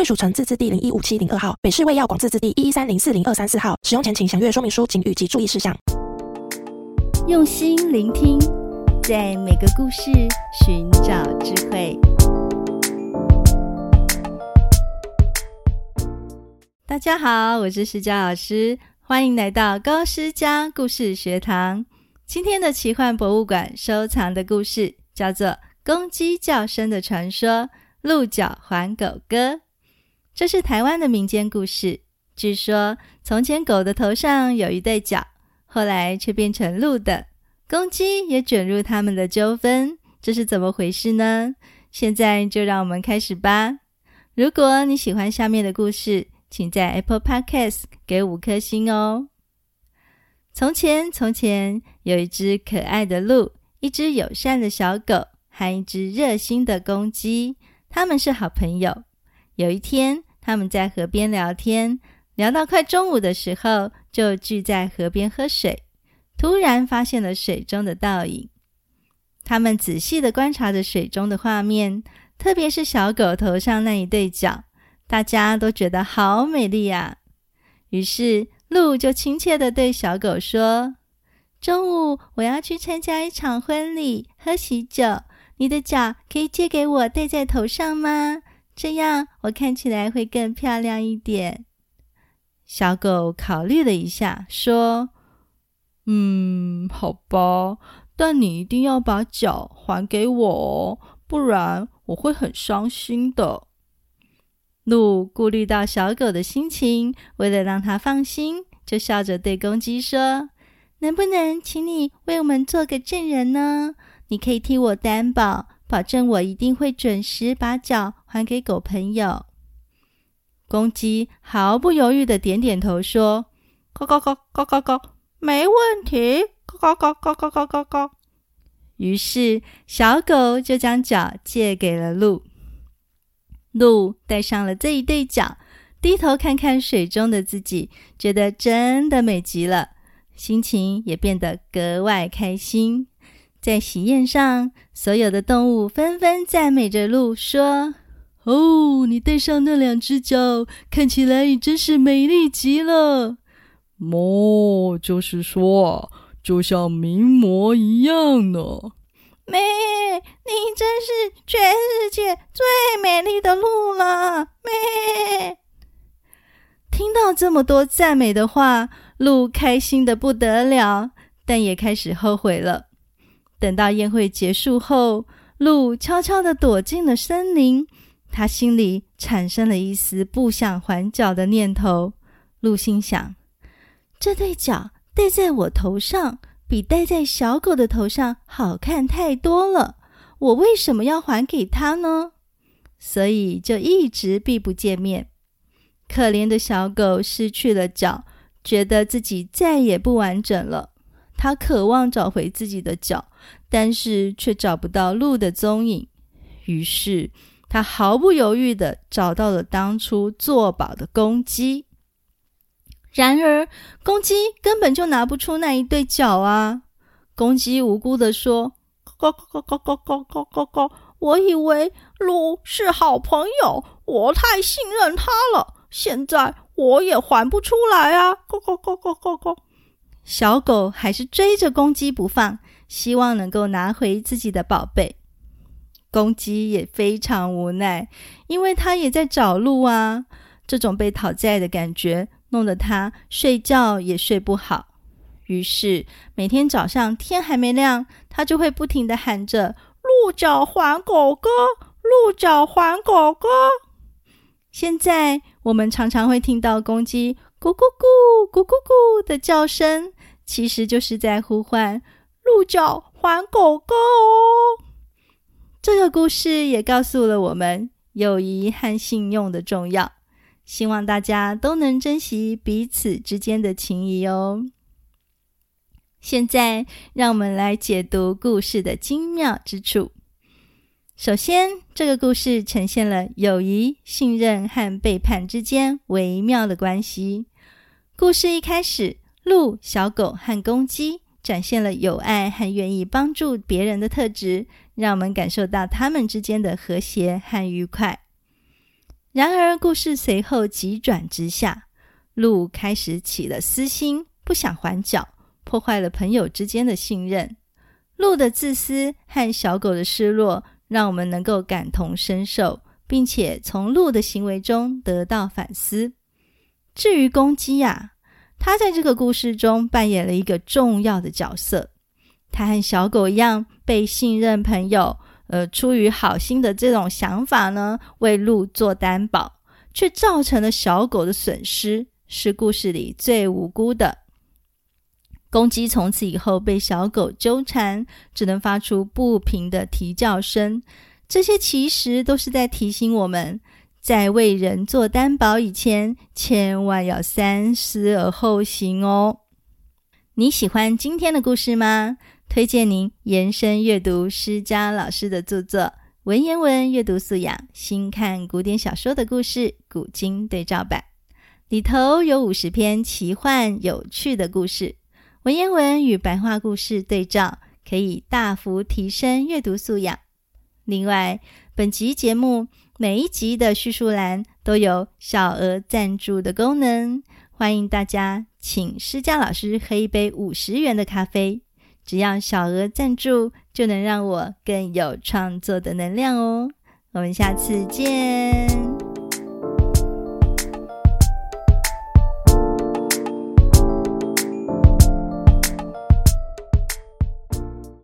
歸屬城字第零一五七零二號，北市衛藥廣字第一一三零四零二三四號。使用前請詳閱說明書警語及注意事項。用心聆聽，在每個故事尋找智慧。大家好，我是詩佳老師，歡迎來到高詩佳故事學堂。今天的奇幻博物館收藏的故事叫做《公雞叫聲的傳說》《鹿角還狗哥》。這是台灣的民間故事。據說，從前狗的頭上有一對角，後來卻變成鹿的。公雞也捲入他們的糾紛，這是怎麼回事呢？現在就讓我們開始吧。如果你喜歡下面的故事，請在 Apple Podcast 給五顆星哦。從前，從前有一隻可愛的鹿，一隻友善的小狗，和一隻熱心的公雞。他們是好朋友。有一天，他們在河邊聊天，聊到快中午的時候，就聚在河邊喝水，突然發現了水中的倒影，他們仔細的觀察着水中的畫面，特別是小狗頭上那一對角，大家都覺得好美麗呀、啊。於是鹿就親切的對小狗說：“中午我要去參加一場婚禮，喝喜酒，你的角可以借給我戴在頭上嗎？”這樣我看起來會更漂亮一點。小狗考慮了一下，說：“嗯，好吧，但你一定要把角還給我哦，不然我會很傷心的。”鹿顧慮到小狗的心情，為了讓它放心，就笑着對公雞說：“能不能請你為我們做個證人呢？你可以替我擔保。”保證我一定會準時把角還給狗朋友。公雞毫不猶豫地點點頭說：“咕咕咕咕咕咕，沒問題。”咕咕咕咕咕咕咕咕。於是小狗就將角借給了鹿。鹿戴上了這一對角，低頭看看水中的自己，覺得真的美極了，心情也變得格外開心。在喜宴上，所有的動物紛紛讚美着鹿，說：“哦，你戴上那兩隻角，看起來已真是美麗極了。莫、哦、就是說，就像名模一樣呢。咩，你真是全世界最美麗的鹿了。咩，聽到這麼多讚美的話，鹿開心得不得了，但也開始後悔了。”等到宴會結束後，鹿悄悄地躲進了森林。它心裡產生了一絲不想還角的念頭。鹿心想：“這對角戴在我頭上，比戴在小狗的頭上好看太多了。我為什麼要還給他呢？”所以就一直避不見面。可憐的小狗失去了角，覺得自己再也不完整了。它渴望找回自己的角。但是卻找不到鹿的蹤影，於是他毫不猶豫的找到了當初作保的公雞。然而公雞根本就拿不出那一對角啊！公雞無辜的說：“咕咕咕咕咕咕咕咕咕咕，我以為鹿是好朋友，我太信任他了，現在我也還不出來啊！”咕咕咕咕咕咕。小狗還是追着公雞不放。希望能夠拿回自己的寶貝，公雞也非常無奈，因為他也在找路啊。這種被討債的感覺，弄得他睡覺也睡不好。於是每天早上天還沒亮，他就會不停地喊着：“鹿角還狗哥，鹿角還狗哥。”現在我們常常會聽到公雞“咕咕咕，咕咕咕咕”的叫聲，其實就是在呼喚。鹿角還狗哥哦，這個故事也告訴了我們友誼和信用的重要。希望大家都能珍惜彼此之間的情誼哦。現在，讓我們來解讀故事的精妙之處。首先，這個故事呈現了友誼、信任和背叛之間微妙的關係。故事一開始，鹿、小狗和公雞。展現了友愛和願意幫助別人的特質，讓我們感受到他們之間的和諧和愉快。然而，故事隨後急轉直下，鹿開始起了私心，不想還角，破壞了朋友之間的信任。鹿的自私和小狗的失落，讓我們能夠感同身受，並且從鹿的行為中得到反思。至於公雞呀。他在這個故事中扮演了一個重要的角色，他和小狗一樣被信任朋友，呃，出於好心的這種想法呢，為鹿做擔保，卻造成了小狗的損失，是故事裡最無辜的。公雞從此以後被小狗糾纏，只能發出不平的啼叫聲。這些其實都是在提醒我們。在為人做擔保以前，千萬要三思而後行哦。你喜歡今天的故事嗎？推薦您延伸閱讀詩佳老師的著作《文言文閱讀素養：新看古典小說的故事（古今對照版）》，裡頭有五十篇奇幻有趣的故事，文言文與白話故事對照，可以大幅提升閱讀素養。另外，本集節目每一集的敘述欄都有小額贊助的功能，歡迎大家請詩佳老師喝一杯五十元的咖啡。只要小額贊助，就能讓我更有創作的能量哦。我們下次見。